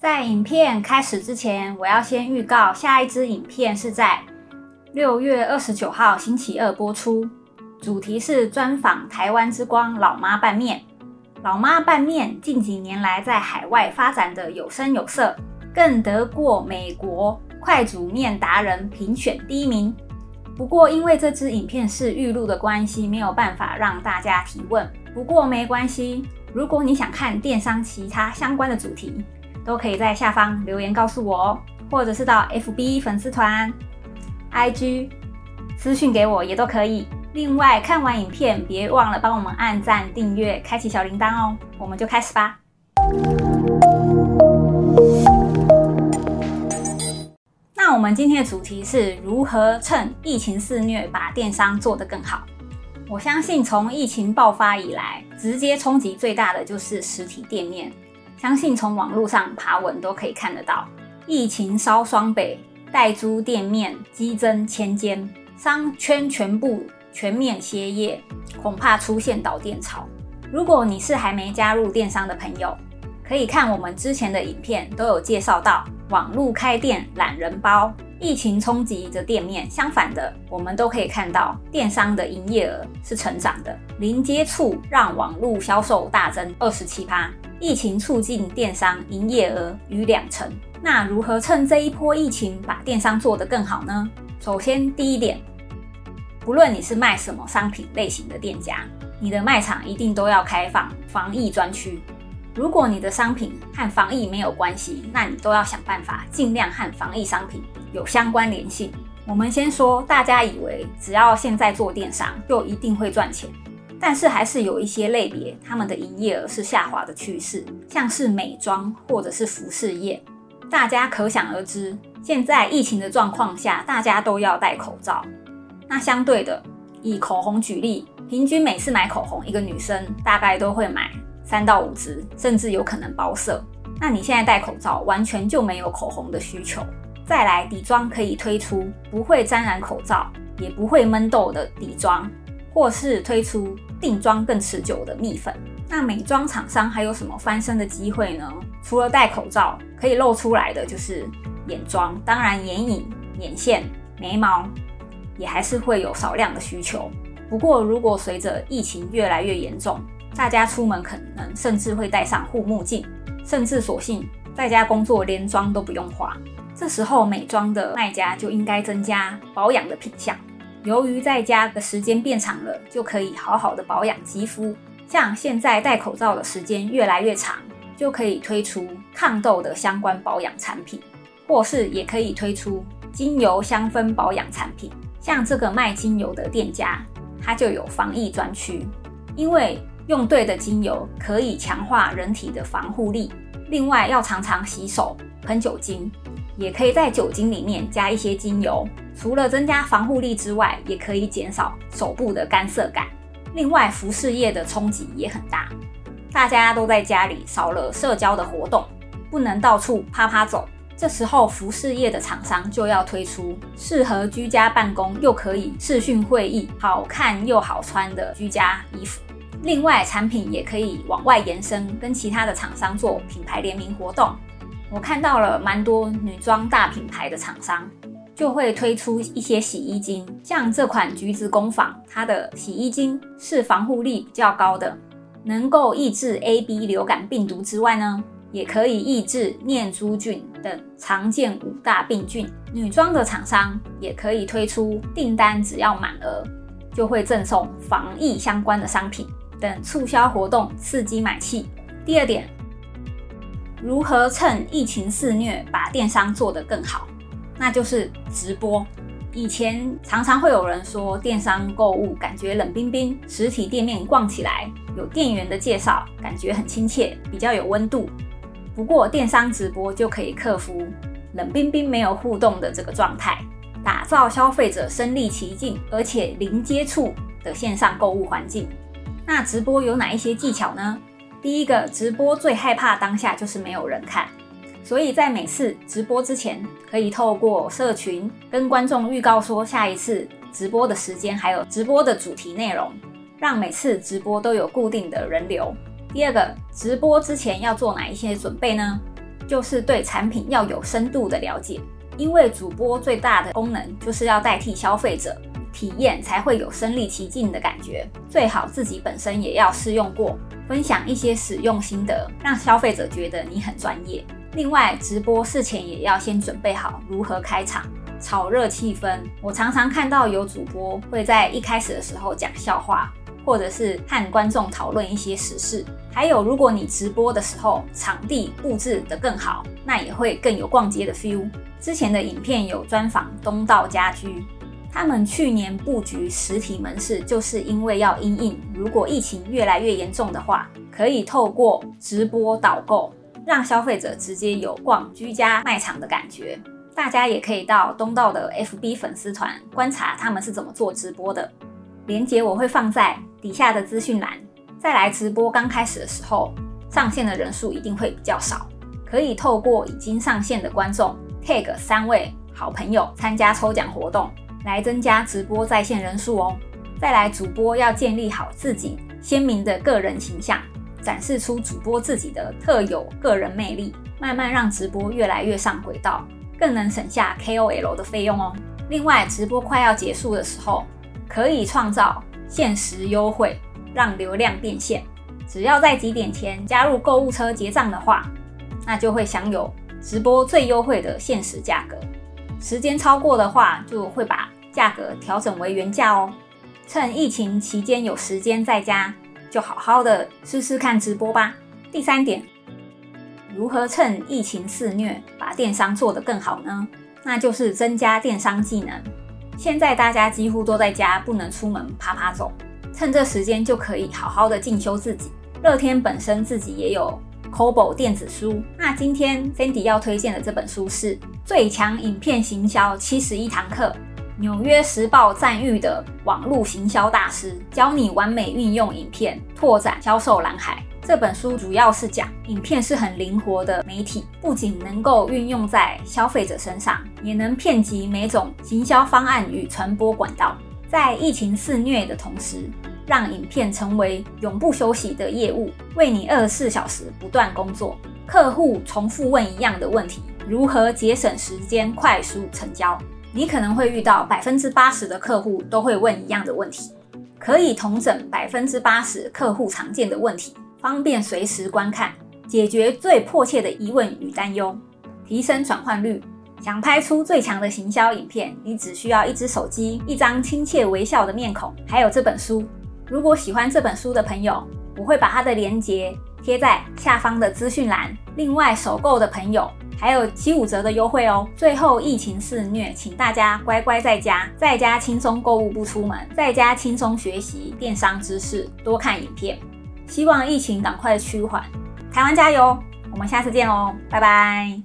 在影片開始之前，我要先預告下一支影片是在六月二十九號星期二播出，主題是專訪台灣之光老媽拌麵。老媽拌麵近幾年來在海外發展得有聲有色，更得過美國快煮麵達人評選第一名。不過因為這支影片是預錄的關係，沒有辦法讓大家提問。不過沒關係，如果你想看電商其他相關的主題。都可以在下方留言告訴我哦，或者是到 FB 粉絲團、IG 私訊給我也都可以。另外，看完影片別忘了幫我們按讚、訂閱、開啟小鈴鐺哦。我們就開始吧。那我們今天的主題是如何趁疫情肆虐把電商做得更好。我相信，從疫情爆發以來，直接衝擊最大的就是實體店面。相信從網絡上爬文都可以看得到，疫情燒雙北，待租店面激增千間，商圈全部全面歇業，恐怕出現倒店潮。如果你是還沒加入電商的朋友，可以看我們之前的影片，都有介紹到網絡開店懶人包。疫情衝擊着店面，相反的，我們都可以看到電商的營業額是成長的，零接觸讓網絡銷售大增二十七趴。疫情促進電商營業額逾兩成，那如何趁這一波疫情把電商做得更好呢？首先，第一點，不論你是賣什麼商品類型的店家，你的賣場一定都要開放防疫專區。如果你的商品和防疫沒有關係，那你都要想辦法盡量和防疫商品有相關聯繫。我們先說，大家以為只要現在做電商就一定會賺錢。但是還是有一些類別，他們的營業額是下滑的趨勢，像是美妝或者是服飾業，大家可想而知。現在疫情的狀況下，大家都要戴口罩，那相對的，以口紅舉例，平均每次買口紅，一個女生大概都會買三到五支，甚至有可能包色。那你現在戴口罩，完全就沒有口紅的需求。再來，底妝可以推出不會沾染口罩，也不會悶痘的底妝，或是推出，定妝更持久的蜜粉，那美妝廠商還有什麼翻身的機會呢？除了戴口罩可以露出來的就是眼妝，當然眼影、眼線、眉毛也還是會有少量的需求。不過如果隨着疫情越來越嚴重，大家出門可能甚至會戴上護目鏡，甚至索性在家工作連妝都不用化，這時候美妝的賣家就應該增加保養的品項。由於在家的時間變長了，就可以好好的保養肌膚。像現在戴口罩的時間越來越長，就可以推出抗痘的相關保養產品，或是也可以推出精油香氛保養產品。像這個賣精油的店家，它就有防疫專區，因為用對的精油可以強化人體的防護力。另外，要常常洗手，噴酒精。也可以在酒精裡面加一些精油，除了增加防護力之外，也可以減少手部的乾澀感。另外，服飾業的衝擊也很大，大家都在家裡少了社交的活動，不能到處趴趴走。這時候，服飾業的廠商就要推出適合居家辦公又可以視訊會議、好看又好穿的居家衣服。另外，產品也可以往外延伸，跟其他的廠商做品牌聯名活動。我看到了蠻多女裝大品牌的廠商就會推出一些洗衣精，像這款橘子工坊，它的洗衣精是防護力比較高的，能夠抑制 A B 流感病毒之外呢，也可以抑制念珠菌等常見五大病菌。女裝的廠商也可以推出訂單只要滿額就會贈送防疫相關的商品等促銷活動，刺激買氣。第二點。如何趁疫情肆虐把電商做得更好？那就是直播。以前常常會有人說電商購物感覺冷冰冰，實體店面逛起來有店員的介紹，感覺很親切，比較有溫度。不過電商直播就可以克服冷冰冰、沒有互動的這個狀態，打造消費者身臨其境而且零接觸的線上購物環境。那直播有哪一些技巧呢？第一個，直播最害怕當下就是沒有人看，所以在每次直播之前，可以透過社群跟觀眾預告說，下一次直播的時間，還有直播的主題內容，讓每次直播都有固定的人流。第二個，直播之前要做哪一些準備呢？就是對產品要有深度的了解，因為主播最大的功能就是要代替消費者。體驗才會有身歷其境的感覺，最好自己本身也要試用過，分享一些使用心得，讓消費者覺得你很專業。另外，直播事前也要先準備好如何開場，炒熱氣氛。我常常看到有主播會在一開始的時候講笑話，或者是和觀眾討論一些時事。還有，如果你直播的時候場地布置得更好，那也會更有逛街的 feel。之前的影片有專訪東稻家居。他們去年布局實體門市，就是因為要因應，如果疫情越來越嚴重的話，可以透過直播導購，讓消費者直接有逛居家賣場的感覺。大家也可以到東稻的 FB 粉絲團觀察他們是怎麼做直播的，連結我會放在底下的資訊欄。再來，直播剛開始的時候，上線的人數一定會比較少，可以透過已經上線的觀眾 tag 三位好朋友參加抽獎活動。來增加直播在線人數哦。再來，主播要建立好自己鮮明的個人形象，展示出主播自己的特有個人魅力，慢慢讓直播越來越上軌道，更能省下 KOL 的費用哦。另外，直播快要結束的時候，可以創造限時優惠，讓流量變現。只要在幾點前加入購物車結賬的話，那就會享有直播最優惠的限時價格。時間超過的話，就會把價格調整為原價哦。趁疫情期間有時間在家，就好好的試試看直播吧。第三點，如何趁疫情肆虐把電商做得更好呢？那就是增加電商技能。現在大家幾乎都在家，不能出門趴趴走，趁這時間就可以好好的進修自己。樂天本身自己也有 Kobo 電子書，那今天 Candy 要推薦的這本書是。最強影片行銷七十一堂課，紐約時報讚譽的網絡行銷大師，教你完美運用影片拓展銷售藍海。這本書主要是講，影片是很靈活的媒體，不僅能夠運用在消費者身上，也能遍及每種行銷方案與傳播管道。在疫情肆虐的同時，讓影片成為永不休息的業務，為你二十四小時不斷工作。客戶重複問一樣的問題。如何節省時間快速成交？你可能會遇到百分之八十的客戶都會問一樣的問題。可以統整百分之八十客戶常見的問題，方便隨時觀看，解決最迫切的疑問與擔憂，提升轉換率。想拍出最強的行銷影片，你只需要一支手機、一張親切微笑的面孔，還有這本書。如果喜歡這本書的朋友，我會把它的連結貼在下方的資訊欄。另外，首購的朋友。還有七五折的優惠哦！最後，疫情肆虐，請大家乖乖在家，在家輕鬆購物不出門，在家輕鬆學習電商知識，多看影片。希望疫情趕快趨緩，台灣加油！我們下次見哦，拜拜。